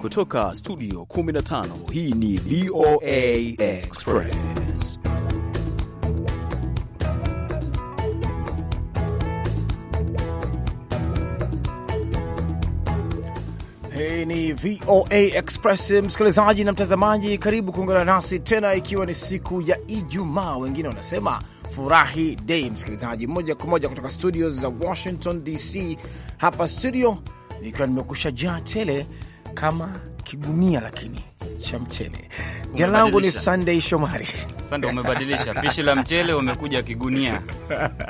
Kutoka studio 15 hii ni VOA Express. Hii ni VOA Express, msikilizaji na mtazamaji, karibu kuungana nasi tena, ikiwa ni siku ya Ijumaa, wengine wanasema furahi dei. Msikilizaji, moja kwa moja kutoka studio za Washington DC, hapa studio nikiwa nimekusha jaa tele kama kigunia lakini cha mchele. Jina langu ni Sunday Shomari. Sunday, umebadilisha pishi la mchele, umekuja kigunia.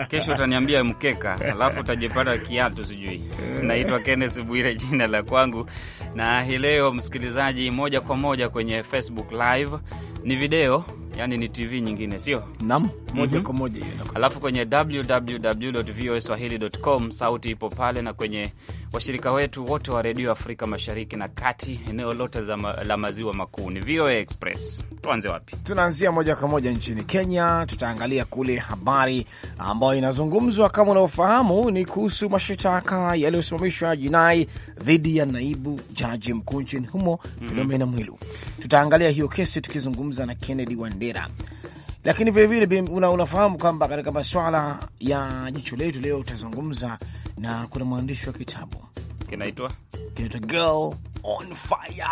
Kesho utaniambia mkeka, alafu utajipata kiatu sijui. Naitwa kennes Bwire jina la kwangu, na hii leo msikilizaji, moja kwa moja kwenye Facebook Live ni video Yani ni TV nyingine sio nam moja mm -hmm. kwa moja Alafu kwenye www voaswahili.com sauti ipo pale, na kwenye washirika wetu wote wa redio Afrika Mashariki na Kati, eneo lote la maziwa makuu. Ni VOA Express. Tuanze wapi? Tunaanzia moja kwa moja nchini Kenya. Tutaangalia kule habari ambayo inazungumzwa kama unaofahamu, ni kuhusu mashitaka yaliyosimamishwa jinai dhidi ya naibu jaji mkuu nchini humo Filomena mhm. mm -hmm. Mwilu. Tutaangalia hiyo kesi tukizungumza na Kennedy Wandera lakini vilevile una, unafahamu kwamba katika masuala ya jicho letu leo utazungumza na kuna mwandishi wa kitabu kinaitwa kinaitwa Girl on Fire,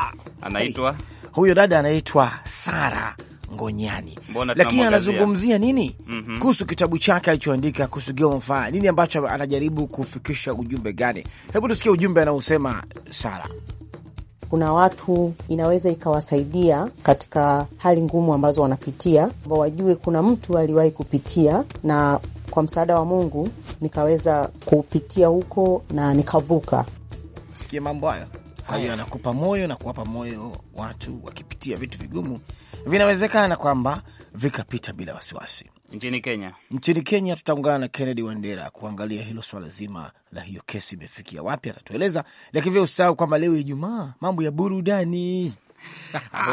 anaitwa hey. Huyo dada anaitwa Sara Ngonyani, lakini anazungumzia nini mm -hmm. kuhusu kitabu chake alichoandika kuhusu Girl on Fire, nini ambacho anajaribu kufikisha, ujumbe gani? Hebu tusikie ujumbe anaosema Sara. Kuna watu inaweza ikawasaidia katika hali ngumu ambazo wanapitia, ambao wajue kuna mtu aliwahi kupitia na kwa msaada wa Mungu nikaweza kupitia huko na nikavuka. sikia mambo hayo. Kwa hiyo anakupa moyo na kuwapa moyo watu wakipitia vitu vigumu, vinawezekana kwamba vikapita bila wasiwasi. Nchini Kenya, nchini Kenya tutaungana na Kennedy Wandera kuangalia hilo swala zima la hiyo kesi imefikia wapi, atatueleza. Lakini vile usahau kwamba leo Ijumaa, mambo ya burudani Ah,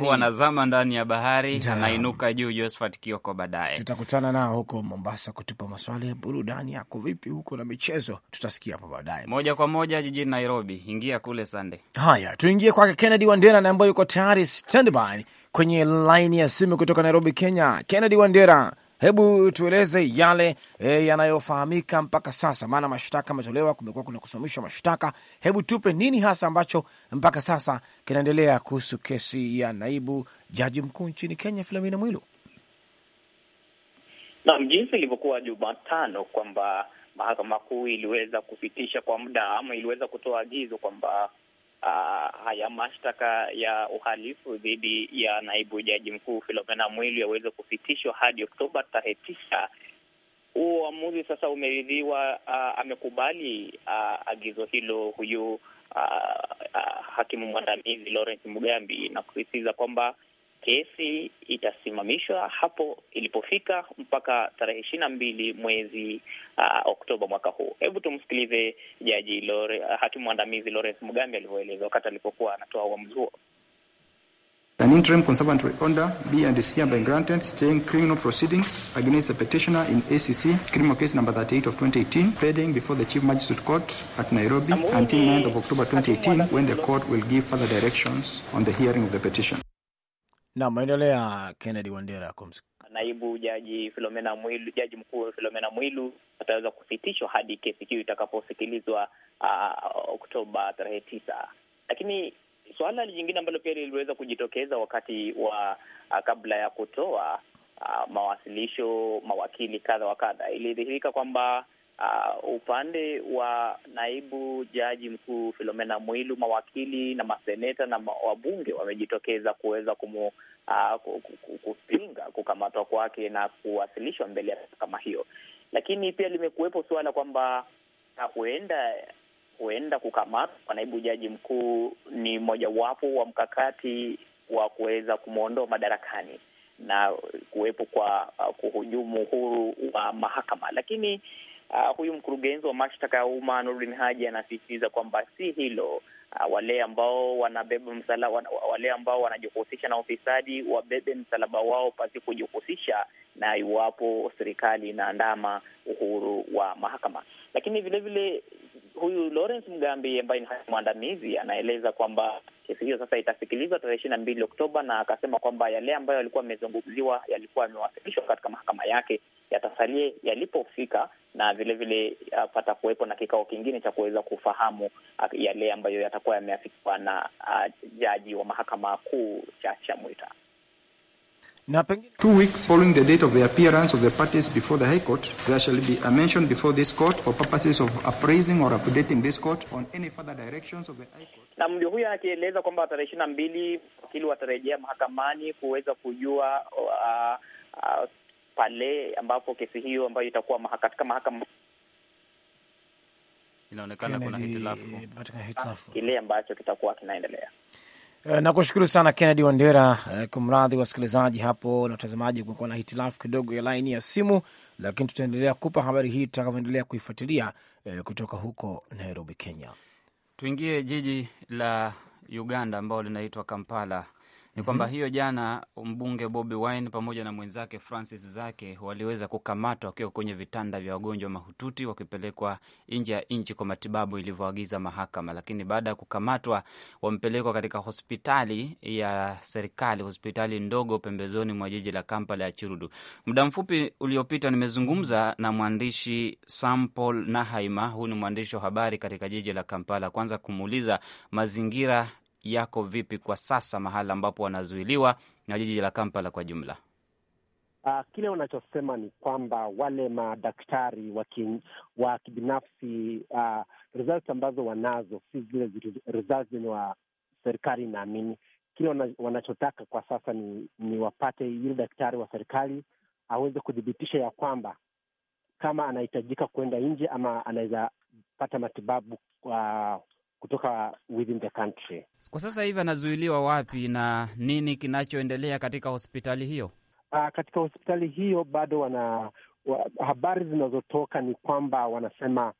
huwa nazama ndani ya bahari anainuka juu. Josephat Kioko, baadaye tutakutana nao huko Mombasa kutupa maswala ya burudani yako vipi huko na michezo, tutasikia hapo baadaye. Moja kwa moja jijini Nairobi, ingia kule Sande. Haya, tuingie kwake Kennedy Wandera na ambayo yuko tayari standby kwenye laini ya simu kutoka Nairobi, Kenya. Kennedy Wandera, Hebu tueleze yale e, yanayofahamika mpaka sasa, maana mashtaka ametolewa kumekuwa kuna kusimamishwa mashtaka. Hebu tupe nini hasa ambacho mpaka sasa kinaendelea kuhusu kesi ya naibu jaji mkuu nchini Kenya filamina Mwilu. Naam, jinsi ilivyokuwa Jumatano kwamba mahakama kuu iliweza kupitisha kwa muda ama iliweza kutoa agizo kwamba uh, haya mashtaka ya uhalifu dhidi ya naibu jaji mkuu Filomena Mwilu yaweze kusitishwa hadi Oktoba tarehe tisa. Huo uamuzi sasa umeridhiwa, uh, amekubali uh, agizo hilo huyu uh, uh, hakimu mwandamizi Lawrence Mugambi na kusisitiza kwamba kesi itasimamishwa hapo ilipofika mpaka tarehe ishirini na mbili mwezi uh, Oktoba mwaka huu. Hebu tumsikilize jaji Lore, uh, hakimu mwandamizi Lawrence Mugambi alivyoeleza wakati alipokuwa anatoa uamuzi huo. An interim conservatory order be and is hereby granted staying criminal proceedings against the petitioner in ACC criminal case number 38 of 2018 pending before the Chief Magistrate Court at Nairobi until 9th of October 2018 when the court will give further directions on the hearing of the petition. Nam, ya Kennedy Wandera. Kums naibu jaji Filomena Mwilu, jaji mkuu Filomena Mwilu ataweza kusitishwa hadi kesi hiyo itakaposikilizwa uh, Oktoba tarehe tisa. Lakini suala jingine ambalo pia liliweza kujitokeza wakati wa uh, kabla ya kutoa uh, mawasilisho mawakili kadha wa kadha, ilidhihirika kwamba Uh, upande wa naibu jaji mkuu Filomena Mwilu, mawakili na maseneta na wabunge wamejitokeza kuweza kumu uh, kupinga kukamatwa kwake na kuwasilishwa mbele ya mahakama hiyo, lakini pia limekuwepo suala kwamba huenda huenda kukamatwa kwa naibu jaji mkuu ni mojawapo wa mkakati wa kuweza kumwondoa madarakani na kuwepo kwa uh, kuhujumu uhuru wa mahakama, lakini Uh, huyu mkurugenzi wa mashtaka ya umma Nurdin Haji anasisitiza kwamba si hilo. Uh, wale ambao wanabeba msala, wale ambao wanajihusisha na ufisadi wabebe msalaba wao pasi kujihusisha na iwapo serikali inaandama uhuru wa mahakama. Lakini vilevile huyu Lawrence mgambi ambaye ni mwandamizi anaeleza kwamba kesi hiyo sasa itasikilizwa tarehe ishirini na mbili Oktoba, na akasema kwamba yale ambayo yalikuwa yamezungumziwa yalikuwa yamewasilishwa katika mahakama yake yatasalie yalipofika, na vilevile vile, uh, na kikao kingine cha kuweza kufahamu uh, yale ambayo yatakuwa yameafikiwa na uh, jaji wa mahakama kuu Chacha Mwita na pengine two weeks following the date of the appearance of the parties before the High Court there shall be a mention before this court for purposes of appraising or updating this court on any further directions of the High Court. Na mdio huyo akieleza kwamba tarehe ishirini na mbili wakili watarejea mahakamani kuweza kujua uh, uh, pale ambapo kesi hiyo ambayo itakuwa mahaka, katika mahakama inaonekana kuna ah, hitilafu kile ambacho kitakuwa kinaendelea. Eh, nakushukuru sana Kennedy Wandera. Eh, kumradhi wasikilizaji hapo na watazamaji, kumekuwa na hitilafu kidogo ya laini ya simu, lakini tutaendelea kupa habari hii tutakavyoendelea kuifuatilia eh, kutoka huko Nairobi, Kenya. Tuingie jiji la Uganda ambao linaitwa Kampala ni kwamba mhm. hiyo jana mbunge Bobi Wine pamoja na mwenzake Francis Zake waliweza kukamatwa wakiwa kwenye vitanda vya wagonjwa mahututi wakipelekwa nje ya nchi kwa matibabu ilivyoagiza mahakama. Lakini baada ya kukamatwa, wamepelekwa katika hospitali ya serikali, hospitali ndogo pembezoni mwa jiji la Kampala ya Chirudu. Muda mfupi uliopita nimezungumza na mwandishi Sampol Nahaima, huyu ni mwandishi wa habari katika jiji la Kampala, kwanza kumuuliza mazingira yako vipi kwa sasa, mahala ambapo wanazuiliwa na jiji la Kampala kwa jumla? Uh, kile wanachosema ni kwamba wale madaktari wa kibinafsi uh, results ambazo wanazo si zile results zenye wa serikali inaamini. Kile wanachotaka kwa sasa ni, ni wapate yule daktari wa serikali aweze kuthibitisha ya kwamba kama anahitajika kuenda nje ama anaweza pata matibabu uh, kutoka within the country. Kwa sasa hivi anazuiliwa wapi na nini kinachoendelea katika hospitali hiyo? Uh, katika hospitali hiyo bado wana wa, habari zinazotoka ni kwamba wanasema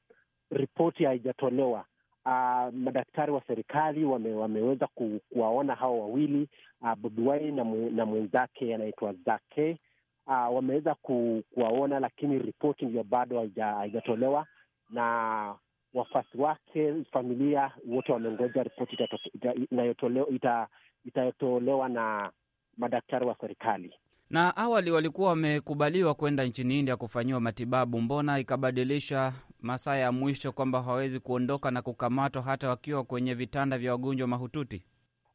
ripoti haijatolewa. Uh, madaktari wa serikali wame, wameweza ku, kuwaona hao wawili uh, Bobi Wine na, mu, na mwenzake anaitwa Zake uh, wameweza ku, kuwaona, lakini ripoti ndio bado haijatolewa na wafuasi wake, familia, wote wamengoja ripoti itayotolewa ita, ita, na madaktari wa serikali. Na awali walikuwa wamekubaliwa kwenda nchini India kufanyiwa matibabu, mbona ikabadilisha masaa ya mwisho kwamba hawawezi kuondoka na kukamatwa hata wakiwa kwenye vitanda vya wagonjwa mahututi?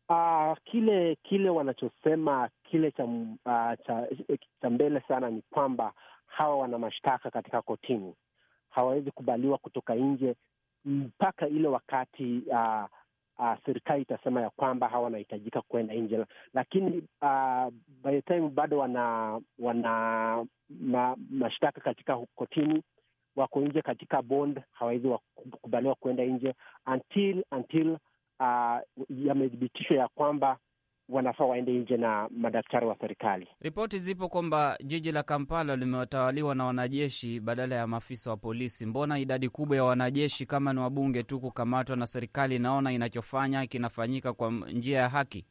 Uh, kile kile wanachosema kile cha, uh, cha, cha mbele sana ni kwamba hawa wana mashtaka katika kotini, hawawezi kubaliwa kutoka nje mpaka ile wakati uh, uh, serikali itasema ya kwamba hawa wanahitajika kuenda nje, lakini uh, by the time bado wana wana ma, mashtaka katika kotini, wako nje katika bond, hawawezi kukubaliwa kuenda nje until until uh, yamethibitishwa ya kwamba wanafaa waende nje na madaktari wa serikali. Ripoti zipo kwamba jiji la Kampala limetawaliwa na wanajeshi badala ya maafisa wa polisi. Mbona idadi kubwa ya wanajeshi kama ni wabunge tu kukamatwa na serikali inaona inachofanya kinafanyika kwa njia ya haki?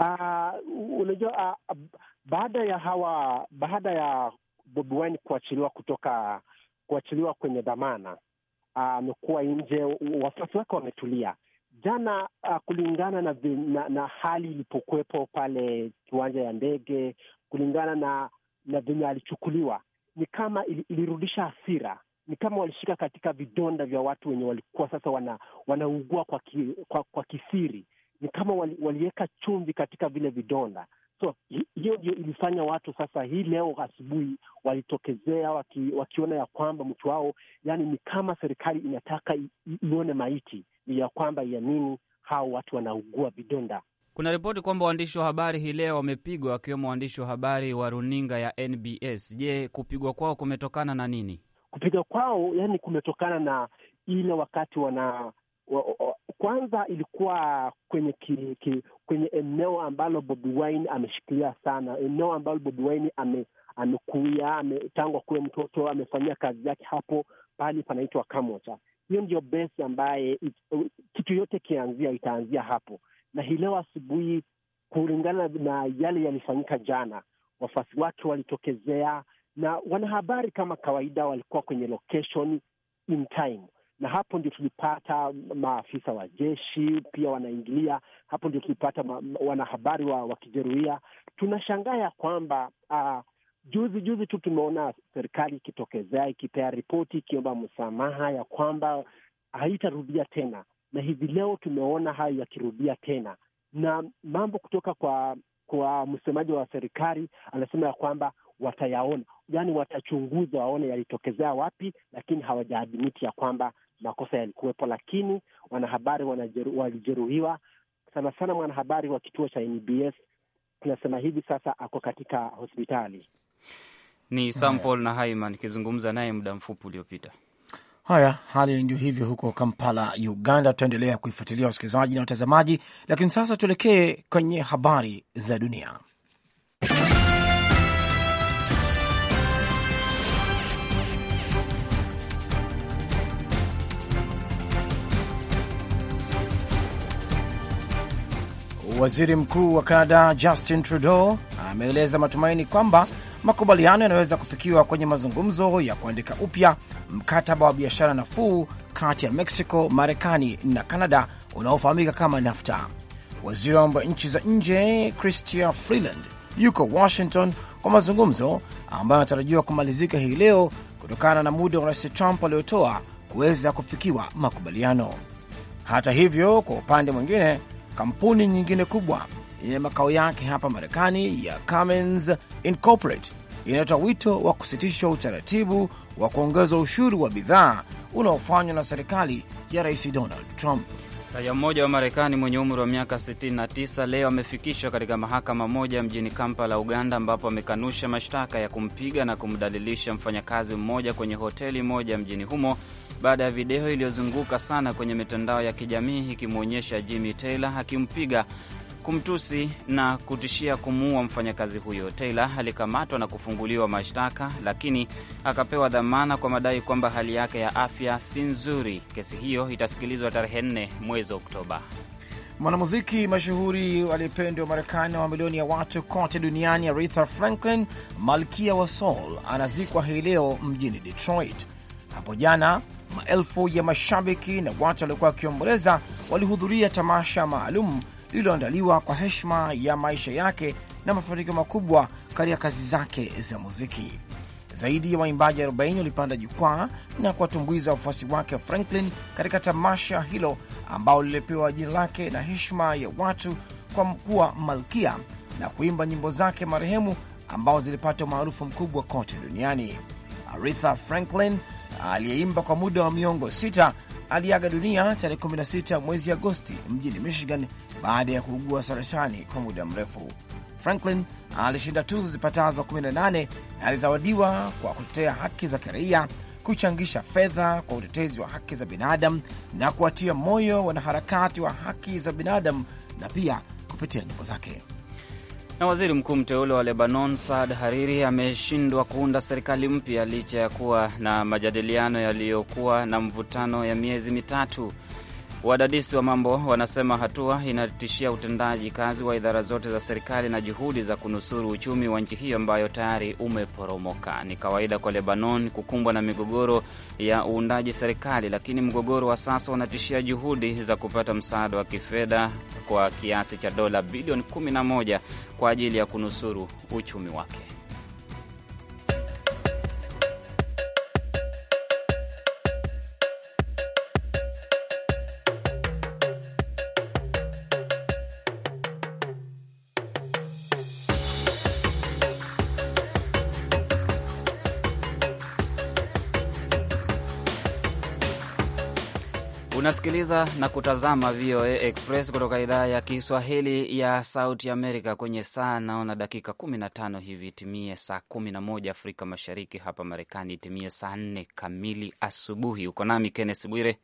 Uh, unajua uh, baada ya hawa baada ya Bobi Wine kuachiliwa kutoka kuachiliwa kwenye dhamana ah, amekuwa uh, nje, wafuasi wake wametulia jana uh, kulingana na, na, na hali ilipokuwepo pale kiwanja ya ndege, kulingana na na venye alichukuliwa, ni kama il, ilirudisha asira ni kama walishika katika vidonda vya watu wenye walikuwa sasa wana, wanaugua kwa, ki, kwa, kwa kisiri, ni kama wali, waliweka chumvi katika vile vidonda. So hiyo ndio ilifanya watu sasa, hii leo asubuhi walitokezea waki, wakiona ya kwamba mtu wao, yani ni kama serikali inataka ione maiti ya kwamba ya nini hao watu wanaugua vidonda. Kuna ripoti kwamba waandishi wa habari hii leo wamepigwa wakiwemo waandishi wa habari wa runinga ya NBS. Je, kupigwa kwao kumetokana na nini? Kupigwa kwao yani kumetokana na ile wakati wana wa, wa, kwanza ilikuwa kwenye ki, ki, kwenye eneo ambalo Bobi Wine ameshikilia sana, eneo ambalo Bobi Wine ame, amekuia ame, tangu akuwe mtoto amefanyia kazi yake hapo, pahali panaitwa Kamocha hiyo ndio besi ambaye it, kitu yote kianzia itaanzia hapo, na hii leo asubuhi, kulingana na yale yalifanyika jana, wafuasi wake walitokezea na wanahabari kama kawaida walikuwa kwenye location in time, na hapo ndio tulipata maafisa wa jeshi pia wanaingilia hapo, ndio tulipata wanahabari wa wakijeruhia. Tunashangaa ya kwamba uh, Juzi juzi tu tumeona serikali ikitokezea ikipea ripoti ikiomba msamaha ya kwamba haitarudia tena, na hivi leo tumeona hayo yakirudia tena, na mambo kutoka kwa kwa msemaji wa serikali anasema ya kwamba watayaona, yaani watachunguza waone yalitokezea wapi, lakini hawajaadimiti ya kwamba makosa yalikuwepo, lakini wanahabari walijeruhiwa sana sana. Mwanahabari wa kituo cha NBS tunasema hivi sasa ako katika hospitali. Ni Sam Paul na Haima nikizungumza naye muda mfupi uliopita. Haya, hali ndio hivyo huko Kampala, Uganda. Tutaendelea kuifuatilia wasikilizaji na watazamaji, lakini sasa tuelekee kwenye habari za dunia. Waziri Mkuu wa Kanada Justin Trudeau ameeleza matumaini kwamba Makubaliano yanaweza kufikiwa kwenye mazungumzo ya kuandika upya mkataba wa biashara nafuu kati ya Mexico, Marekani na Kanada unaofahamika kama NAFTA. Waziri wa mambo ya nchi za nje Chrystia Freeland yuko Washington kwa mazungumzo ambayo yanatarajiwa kumalizika hii leo kutokana na muda wa Rais Trump aliotoa kuweza kufikiwa makubaliano. Hata hivyo, kwa upande mwingine, kampuni nyingine kubwa yenye makao yake hapa Marekani ya Cummins Incorporate inayotoa wito wa kusitisha utaratibu wa kuongeza ushuru wa bidhaa unaofanywa na serikali ya Rais Donald Trump. Raia mmoja wa Marekani mwenye umri wa miaka 69 leo amefikishwa katika mahakama moja mjini Kampala, Uganda, ambapo amekanusha mashtaka ya kumpiga na kumdalilisha mfanyakazi mmoja kwenye hoteli moja mjini humo baada ya video iliyozunguka sana kwenye mitandao ya kijamii ikimwonyesha Jimmy Taylor akimpiga kumtusi na kutishia kumuua mfanyakazi huyo. Taylor alikamatwa na kufunguliwa mashtaka, lakini akapewa dhamana kwa madai kwamba hali yake ya afya si nzuri. Kesi hiyo itasikilizwa tarehe 4 mwezi Oktoba. Mwanamuziki mashuhuri aliyependwa Marekani na mamilioni ya watu kote duniani, Aretha Franklin, malkia wa soul, anazikwa hii leo mjini Detroit. Hapo jana maelfu ya mashabiki na watu waliokuwa wakiomboleza walihudhuria tamasha maalum lililoandaliwa kwa heshima ya maisha yake na mafanikio makubwa katika kazi zake za muziki. Zaidi ya waimbaji 40 walipanda jukwaa na kuwatumbuiza wafuasi wake Franklin katika tamasha hilo ambao lilipewa jina lake na heshima ya watu kwa kuwa malkia na kuimba nyimbo zake marehemu ambao zilipata umaarufu mkubwa kote duniani. Aretha Franklin aliyeimba kwa muda wa miongo sita aliaga dunia tarehe 16 mwezi Agosti mjini Michigan baada ya kuugua saratani kwa muda mrefu. Franklin alishinda tuzo zipatazo 18 na alizawadiwa kwa kutetea haki za kiraia, kuchangisha fedha kwa utetezi wa haki za binadamu na kuwatia moyo wanaharakati wa haki za binadamu na pia kupitia nyimbo zake. Na waziri mkuu mteule wa Lebanon Saad Hariri ameshindwa kuunda serikali mpya licha ya kuwa na majadiliano yaliyokuwa na mvutano ya miezi mitatu. Wadadisi wa mambo wanasema hatua inatishia utendaji kazi wa idara zote za serikali na juhudi za kunusuru uchumi wa nchi hiyo ambayo tayari umeporomoka. Ni kawaida kwa Lebanon kukumbwa na migogoro ya uundaji serikali, lakini mgogoro wa sasa unatishia juhudi za kupata msaada wa kifedha kwa kiasi cha dola bilioni 11 kwa ajili ya kunusuru uchumi wake. Unasikiliza na kutazama VOA Express kutoka idhaa ya Kiswahili ya Sauti Amerika. Kwenye saa naona dakika 15 hivi itimie saa 11 Afrika Mashariki, hapa Marekani itimie saa 4 kamili asubuhi. Uko nami Kennes Bwire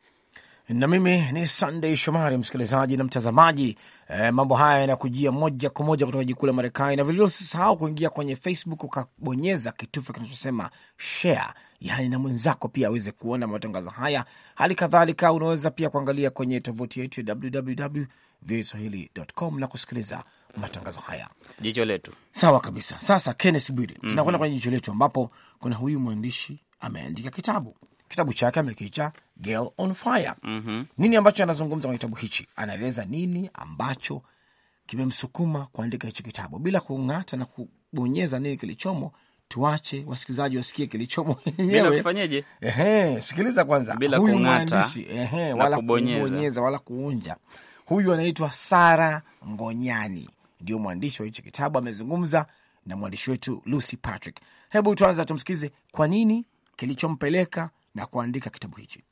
na mimi ni Sunday Shomari, msikilizaji na mtazamaji. E, mambo haya yanakujia moja kwa moja kutoka jikuu la Marekani, na vilevile usisahau kuingia kwenye Facebook ukabonyeza kitufe kinachosema share, yani na mwenzako pia aweze kuona matangazo haya. Hali kadhalika unaweza pia kuangalia kwenye tovuti yetu ya www voaswahili.com na kusikiliza matangazo haya, jicho letu. Sawa kabisa. Sasa Kenneth Bwire, mm -hmm. kwenye jicho letu ambapo kuna huyu mwandishi ameandika kitabu kitabu chake amekiita Girl on Fire. mm -hmm. Nini ambacho anazungumza kwenye kitabu hichi? Anaeleza nini ambacho kimemsukuma kuandika hichi kitabu bila kung'ata na kubonyeza nini kilichomo. Tuache wasikilizaji wasikie kilichomo wenyewe. Ehe, sikiliza kwanza, bila huyu mwandishi ehe, wala kubonyeza wala kuunja. Huyu anaitwa Sara Ngonyani, ndio mwandishi wa hichi kitabu, amezungumza na mwandishi wetu Lucy Patrick. Hebu tuanza tumsikize, kwa nini kilichompeleka na kuandika kitabu hichi.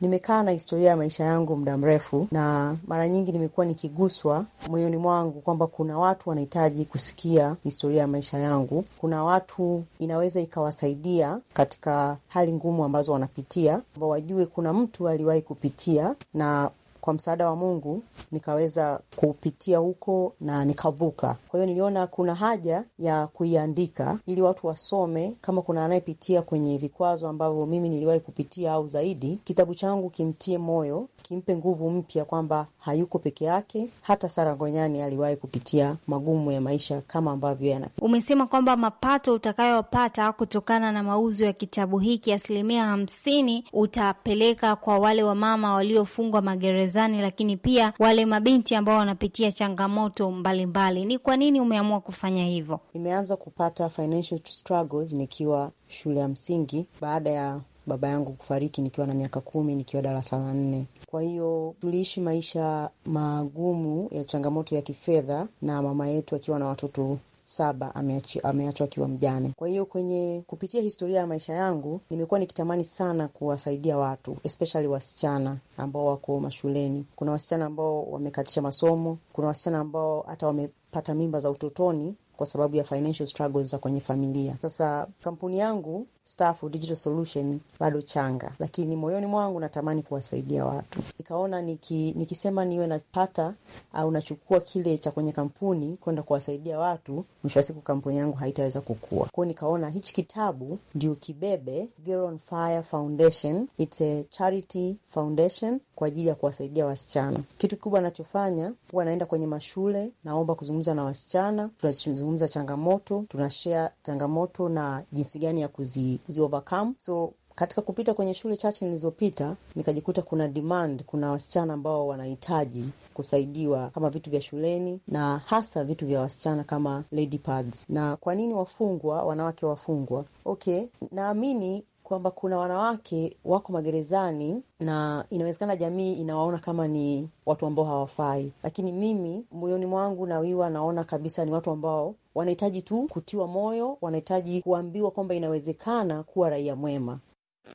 Nimekaa na historia ya maisha yangu muda mrefu, na mara nyingi nimekuwa nikiguswa moyoni mwangu kwamba kuna watu wanahitaji kusikia historia ya maisha yangu. Kuna watu inaweza ikawasaidia katika hali ngumu ambazo wanapitia, ambao wajue kuna mtu aliwahi kupitia na kwa msaada wa Mungu nikaweza kupitia huko na nikavuka. Kwa hiyo niliona kuna haja ya kuiandika ili watu wasome, kama kuna anayepitia kwenye vikwazo ambavyo mimi niliwahi kupitia au zaidi, kitabu changu kimtie moyo, kimpe nguvu mpya kwamba hayuko peke yake. Hata Sara aliwahi kupitia magumu ya maisha kama ambavyo yana. Umesema kwamba mapato utakayopata kutokana na mauzo ya kitabu hiki asilimia hamsini utapeleka kwa wale wamama waliofungwa magereza gerezani, lakini pia wale mabinti ambao wanapitia changamoto mbalimbali mbali. Ni kwa nini umeamua kufanya hivyo? Nimeanza kupata financial struggles nikiwa shule ya msingi baada ya baba yangu kufariki nikiwa na miaka kumi nikiwa darasa la nne. Kwa hiyo tuliishi maisha magumu ya changamoto ya kifedha, na mama yetu akiwa na watoto saba ameachwa akiwa mjane. Kwa hiyo kwenye kupitia historia ya maisha yangu nimekuwa nikitamani sana kuwasaidia watu especially wasichana ambao wako mashuleni. Kuna wasichana ambao wamekatisha masomo, kuna wasichana ambao hata wamepata mimba za utotoni kwa sababu ya financial struggles za kwenye familia. Sasa kampuni yangu Staff Digital Solution bado changa, lakini moyoni mwangu natamani kuwasaidia watu. Nikaona niki, nikisema niwe napata au nachukua kile cha kwenye kampuni kwenda kuwasaidia watu, mwisho wa siku kampuni yangu haitaweza kukua. Kwao nikaona hichi kitabu ndio kibebe Girl on Fire Foundation. It's a charity foundation kwa ajili ya kuwasaidia wasichana. Kitu kikubwa anachofanya huwa anaenda kwenye mashule, naomba kuzungumza na wasichana Tunazungumza tunazungumza changamoto, tunashea changamoto na jinsi gani ya kuzi, kuzi overcome. So katika kupita kwenye shule chache nilizopita nikajikuta kuna demand, kuna wasichana ambao wanahitaji kusaidiwa kama vitu vya shuleni na hasa vitu vya wasichana kama lady pads. Na kwa nini wafungwa, wanawake wafungwa? Okay, naamini kwamba kuna wanawake wako magerezani na inawezekana jamii inawaona kama ni watu ambao hawafai, lakini mimi moyoni mwangu nawiwa naona kabisa ni watu ambao wanahitaji tu kutiwa moyo, wanahitaji kuambiwa kwamba inawezekana kuwa raia mwema,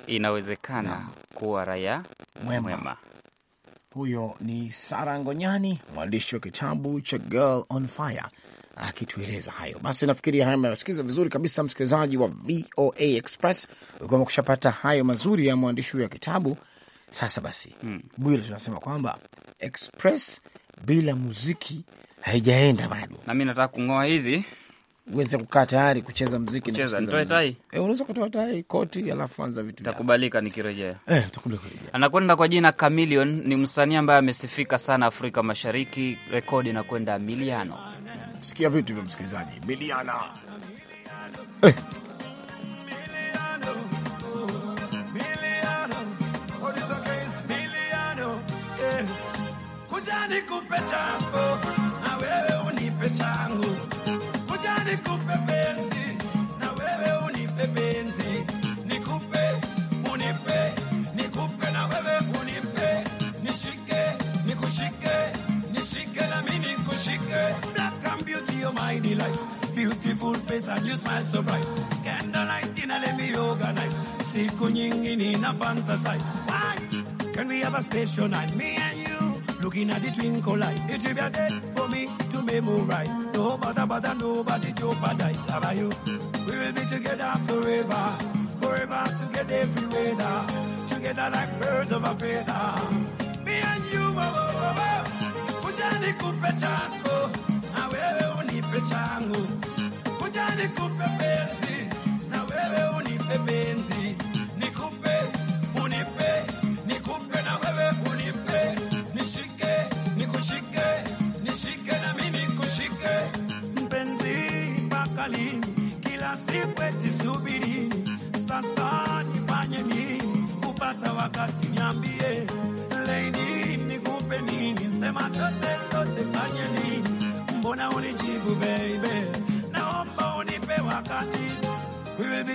inawezekana na kuwa raia mwema, mwema. Huyo ni Sara Ngonyani, mwandishi wa kitabu cha Girl on Fire akitueleza hayo. Basi nafikiri haya amewasikiza vizuri kabisa, msikilizaji wa VOA Express, ukiwa kushapata hayo mazuri ya mwandishi huyo ya kitabu. Sasa basi, hmm, Bwile, tunasema kwamba Express bila muziki haijaenda bado, nami nataka kung'oa hizi uweze kukaa tayari kucheza mziki kucheza. Nitoe tai eh, unaweza kutoa tai koti, alafu anza vitu takubalika. Nikirejea eh, takubalika. Anakwenda kwa jina Chameleone, ni msanii ambaye amesifika sana Afrika Mashariki, rekodi inakwenda miliano. Sikia vitu vya msikilizaji, miliana eh. eh. nikupe changu na wewe unipe changu nikupe penzi na wewe unipe penzi, nikupe unipe, nikupe na wewe unipe, nishike nikushike, nishike na mimi nikushike. Black and beauty, you're my delight, beautiful face and you smile so bright. Candlelight in a let me organize, siku nyingine na fantasize. Why can we have a special night, me and you, looking at the twinkle light? It will be a day for me to memorize. no matter, matter, nobody to paradise about you. We will be together forever, forever together every weather, together like birds of a feather. Me and you, oh, oh, oh, kujani kupechango, na wewe unipe changu, kujani kupe penzi, na wewe unipe penzi.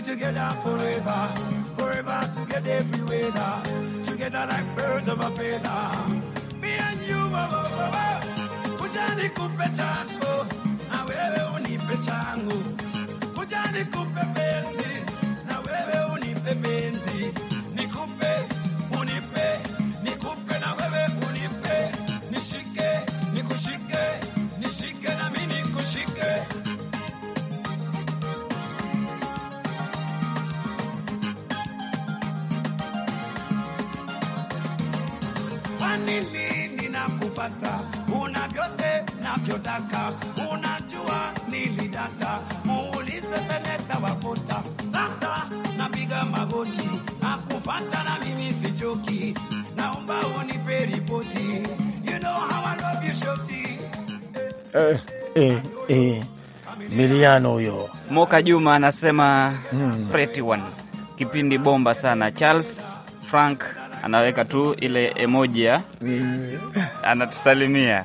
together forever, forever together every weather, together like birds of a feather. Me and you, baba, baba, kujani kupetango, chango, awewe unipe kujani kupe una vyote navyotaka, unajua nilidata, muulize seneta Sasa napiga magoti nakupata, na mimi sichoki, naomba unipe ripoti. You know how I love you shoti. Eh, eh, eh. Miliano huyo Moka Juma anasema hmm. Pretty one kipindi bomba sana Charles Frank anaweka tu ile emoji ya mm. anatusalimia.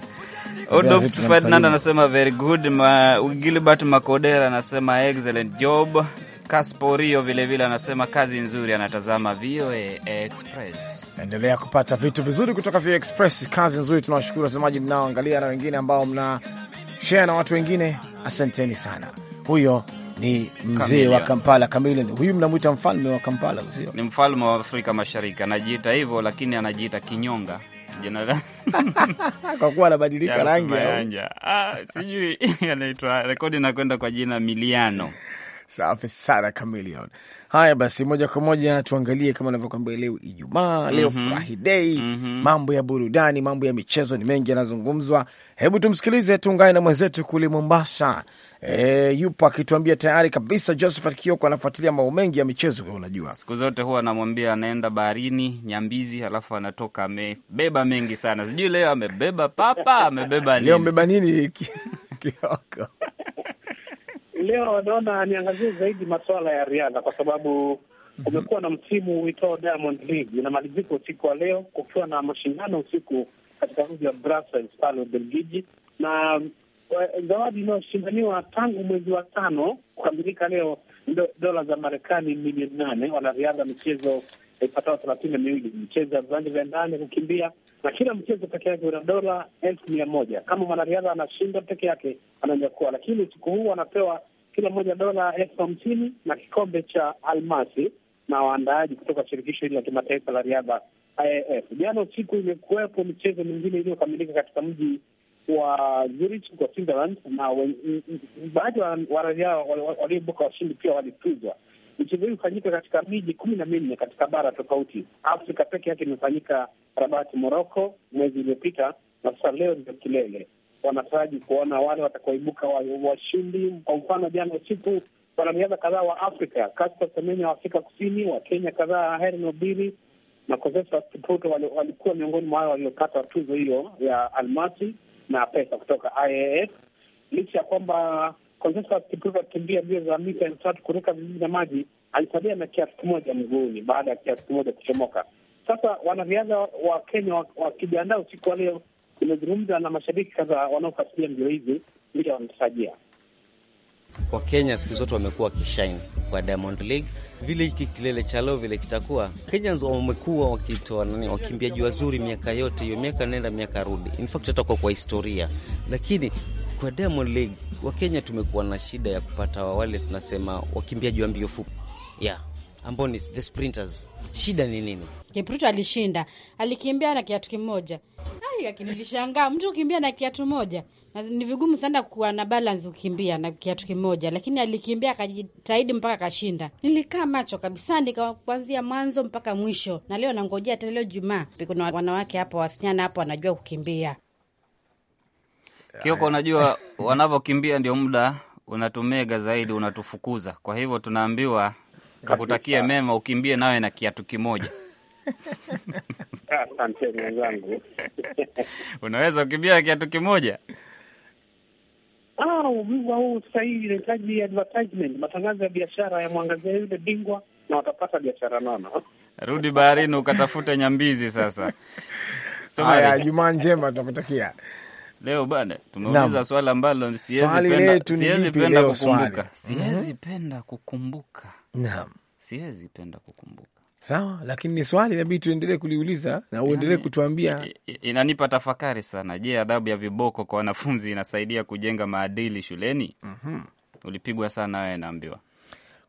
Odolf Ferdinand anasema very good. Ma, Gilbert Makodera anasema excellent job. Kasporio vilevile anasema kazi nzuri, anatazama VOA Express. Endelea kupata vitu vizuri kutoka VOA Express, kazi nzuri. Tunawashukuru wasemaji mnaoangalia na wengine ambao mna share na watu wengine, asanteni sana. Huyo ni mzee wa Kampala Chameleone. Huyu mnamwita mfalme wa Kampala, sio? Ni mfalme wa Afrika Mashariki, anajiita hivyo, lakini anajiita kinyonga jenera... kwa kuwa anabadilika rangi. Ah, sijui anaitwa rekodi, nakwenda kwa jina Miliano Safi sana Chameleon. Haya basi, moja kwa moja tuangalie kama anavyokwambia leo Ijumaa, leo mm -hmm. furahi dei mm -hmm. mambo ya burudani, mambo ya michezo ni mengi yanazungumzwa. Hebu tumsikilize, tuungane na mwenzetu kule Mombasa. E, yupo akituambia tayari kabisa. Josephat Kioko anafuatilia mambo mengi ya michezo. Unajua siku zote huwa anamwambia anaenda baharini Nyambizi, alafu anatoka amebeba mengi sana, sijui leo amebeba papa, amebeba nini? Leo amebeba nini Kioko? leo naona niangazie zaidi masuala ya riadha kwa sababu mhm. kumekuwa na msimu uitwao Diamond League, inamalizika usiku wa leo kukiwa na mashindano usiku katika mji wa Brussels pale Ubelgiji, na eh, zawadi inayoshindaniwa tangu mwezi wa tano kukamilika leo dola za Marekani milioni nane. Wanariadha michezo ipatao thelathini na miwili mchezo ya viwanja vya ndani, kukimbia, na kila mchezo peke yake una dola elfu mia moja. Kama mwanariadha anashinda peke yake ananyakua, lakini usiku huu anapewa kila mmoja dola elfu hamsini na kikombe cha almasi na waandaaji kutoka shirikisho hili la kimataifa la riadha IAAF. Jana usiku imekuwepo michezo mingine iliyokamilika katika mji wa Zurich kwa Switzerland, na baadhi ya wanariadha walioibuka washindi pia walituzwa. Michezo hii hufanyika katika miji kumi na minne katika bara tofauti. Afrika peke yake imefanyika Rabati, Moroko, mwezi uliopita, na sasa leo ndio kilele. Wanataraji kuona wale watakaoibuka washindi. Kwa mfano, jana usiku wanariadha kadhaa wa Afrika, Caster Semenya wa Afrika Kusini, wa Kenya kadhaa Hellen Obiri na Contessa Kipruto walikuwa miongoni mwa wale waliopata tuzo hiyo ya almasi na pesa kutoka IAAF licha ya kwamba kwa sasa akikimbia mbio za mita elfu tatu kuruka vizizi na maji alisalia na kiasi kimoja mguuni baada ya kiasi kimoja kuchomoka. Sasa wanariadha wa Kenya wakijiandaa wa usiku wa leo, imezungumza na mashabiki kadhaa wanaofuatilia mbio hizi vile kwa Kenya siku zote wamekuwa wakishaini kwa Diamond League, vile hiki kilele cha leo vile kitakuwa. Kenyans wamekuwa wakitoa nani, wakimbiaji wazuri miaka yote hiyo, miaka nenda miaka rudi, in fact hata kwa historia, lakini kwa Diamond League wa Kenya tumekuwa na shida ya kupata wa wale tunasema wakimbiaji wa mbio fupi yeah, ambao ni the sprinters. Shida ni nini? Kipruto alishinda, alikimbia na kiatu kimoja. Ai, akinilishangaa mtu ukimbia na kiatu moja, na ni vigumu sana kuwa na balance ukimbia na kiatu kimoja, lakini alikimbia akajitahidi mpaka akashinda. Nilikaa macho kabisa, nikawa kuanzia mwanzo mpaka mwisho, na leo nangojea tena leo Jumaa. Kuna wanawake hapo, wasichana hapo, wanajua kukimbia Kioko, unajua wanavyokimbia ndio muda unatumega zaidi, unatufukuza. Kwa hivyo tunaambiwa tukutakie mema, ukimbie nawe na kiatu kimoja. Asante mwenzangu. Unaweza ukimbia na kiatu kimoja? Ah, Ubingwa huu sasa hivi inahitaji advertisement, matangazo ya biashara yamwangazia yule bingwa na watapata biashara nono. Rudi baharini ukatafute nyambizi sasa. Haya, Jumaa njema tunakutakia. Leo bana, tumeuliza swala ambalo siwezi penda, kukumbuka, siwezi mhm. penda kukumbuka, naam, siwezi penda kukumbuka. Sawa, lakini ni swali nabidi tuendelee kuliuliza na yaani, uendelee kutuambia. Inanipa tafakari sana. Je, adhabu ya viboko kwa wanafunzi inasaidia kujenga maadili shuleni? mm -hmm. Ulipigwa sana wewe, naambiwa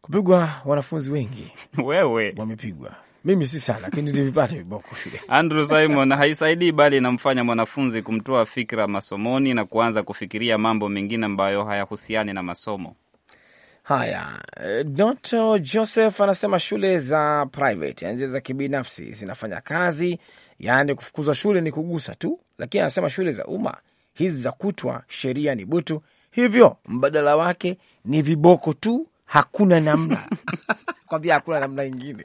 kupigwa wanafunzi wengi wewe wamepigwa mimi si sana lakini nilivipata viboko shule. Andrew Simon haisaidii bali inamfanya mwanafunzi kumtoa fikra masomoni na kuanza kufikiria mambo mengine ambayo hayahusiani na masomo. Haya, Doto Joseph anasema shule za private, yani za kibinafsi zinafanya kazi, yaani kufukuzwa shule ni kugusa tu, lakini anasema shule za umma hizi za kutwa sheria ni butu, hivyo mbadala wake ni viboko tu, hakuna namna kwambia hakuna namna ingine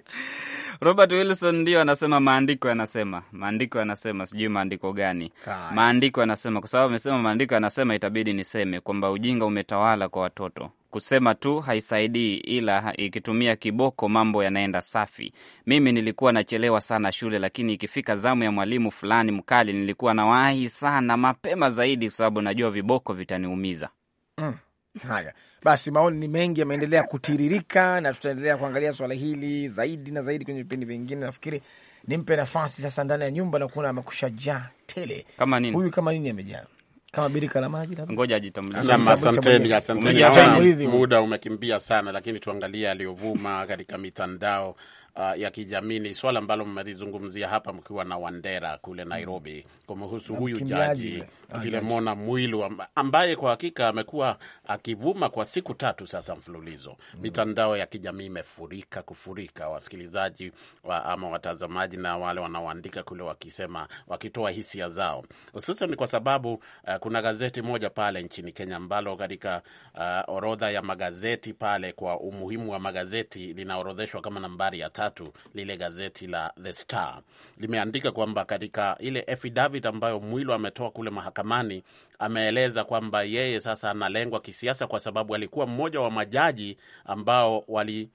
Robert Wilson ndio anasema, maandiko yanasema, maandiko yanasema, sijui maandiko gani, maandiko yanasema, kwa sababu amesema maandiko yanasema, itabidi niseme kwamba ujinga umetawala kwa watoto kusema tu haisaidii, ila ikitumia kiboko mambo yanaenda safi. Mimi nilikuwa nachelewa sana shule, lakini ikifika zamu ya mwalimu fulani mkali nilikuwa nawahi sana mapema zaidi, kwa sababu najua viboko vitaniumiza. mm. Haya basi, maoni ni mengi yameendelea kutiririka, na tutaendelea kuangalia swala hili zaidi na zaidi kwenye vipindi vingine. Nafikiri nimpe nafasi sasa ndani ya nyumba na kuona jaa tele kama nini, huyu kama nini amejaa kama birika la maji. Ngoja ajitambulishe. Asanteni, asanteni, muda umekimbia sana, lakini tuangalie aliyovuma katika mitandao uh, ya kijamii ni swala ambalo mmelizungumzia hapa mkiwa na Wandera kule mm. Nairobi kumhusu na huyu jaji Filemona Mwilu ambaye kwa hakika amekuwa akivuma kwa siku tatu sasa mfululizo. mm. Mitandao ya kijamii imefurika kufurika, wasikilizaji wa, ama watazamaji na wale wanaoandika kule wakisema, wakitoa hisia zao, hususan kwa sababu uh, kuna gazeti moja pale nchini Kenya ambalo katika uh, orodha ya magazeti pale kwa umuhimu wa magazeti linaorodheshwa kama nambari ya tatu Jumatatu, lile gazeti la The Star limeandika kwamba katika ile affidavit ambayo Mwilu ametoa kule mahakamani, ameeleza kwamba yeye sasa analengwa kisiasa kwa sababu alikuwa mmoja wa majaji ambao wali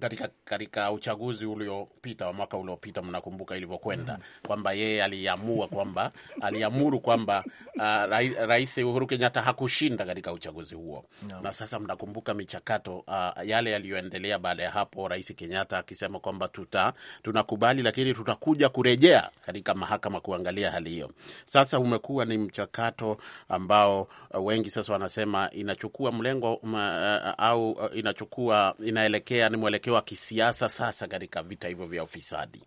katika katika uchaguzi uliopita wa mwaka uliopita, mnakumbuka ilivyokwenda mm. kwamba yeye aliamua kwamba aliamuru kwamba uh, Rais Uhuru Kenyatta hakushinda katika uchaguzi huo no. Na sasa mnakumbuka michakato uh, yale yaliyoendelea baada ya hapo, Rais Kenyatta akisema kwamba tuta tunakubali, lakini tutakuja kurejea katika mahakama kuangalia hali hiyo. Sasa umekuwa ni mchakato ambao uh, wengi sasa wanasema inachukua mlengo um, uh, au uh, inachukua inaelekea ni mwelekeo mwelekeo wa kisiasa sasa katika vita hivyo vya ufisadi.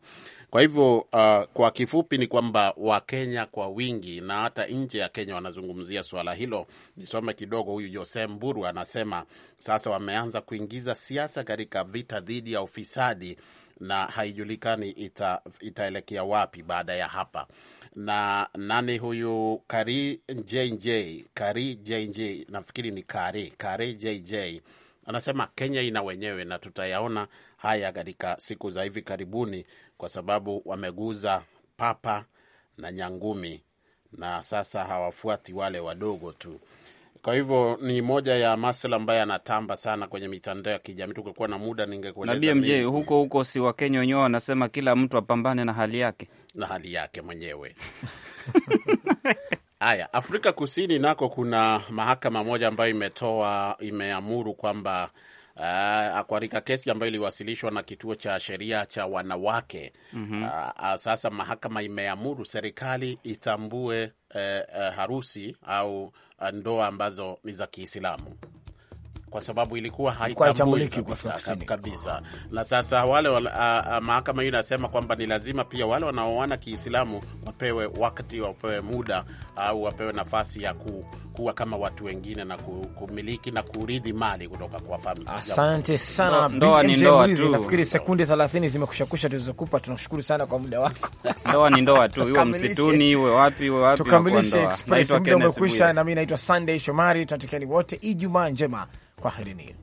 Kwa hivyo uh, kwa kifupi ni kwamba Wakenya kwa wingi na hata nje ya Kenya wanazungumzia swala hilo. Nisome kidogo, huyu Jose Mburu anasema sasa wameanza kuingiza siasa katika vita dhidi ya ufisadi na haijulikani ita, itaelekea wapi baada ya hapa. Na nani huyu Kari JJ, Kari JJ, nafikiri ni Kari Kari JJ anasema Kenya ina wenyewe na tutayaona haya katika siku za hivi karibuni, kwa sababu wameguza papa na nyangumi na sasa hawafuati wale wadogo tu. Kwa hivyo ni moja ya masuala ambayo yanatamba sana kwenye mitandao ya kijamii. Tungekuwa na muda, ningekueleza BMJ huko huko, si Wakenya wenyewe wanasema kila mtu apambane na hali yake na hali yake mwenyewe Haya, Afrika Kusini nako kuna mahakama moja ambayo imetoa imeamuru kwamba Uh, kesi ambayo iliwasilishwa na kituo cha sheria cha wanawake mm -hmm. Uh, sasa mahakama imeamuru serikali itambue uh, uh, harusi au ndoa ambazo ni za Kiislamu kwa sababu ilikuwa haitambuliki sasa kabisa. Na sasa wale mahakama hiyo inasema kwamba ni lazima pia wale wanaoana Kiislamu wapewe wakati, wapewe muda au wapewe nafasi ya ku, kuwa kama watu wengine na kumiliki na kuridhi mali kutoka kwa familia. Asante sana, ndoa ni ndoa tu. Nafikiri sekunde 30 zimekushakusha tulizokupa. Tunashukuru sana kwa muda wako. Ndoa ni ndoa tu, iwe msituni, iwe wapi, iwe wapi. Tukamilishe express, muda umekwisha. Na mimi naitwa Sunday Shomari, Tutakieni wote Ijumaa njema. Kwaherini.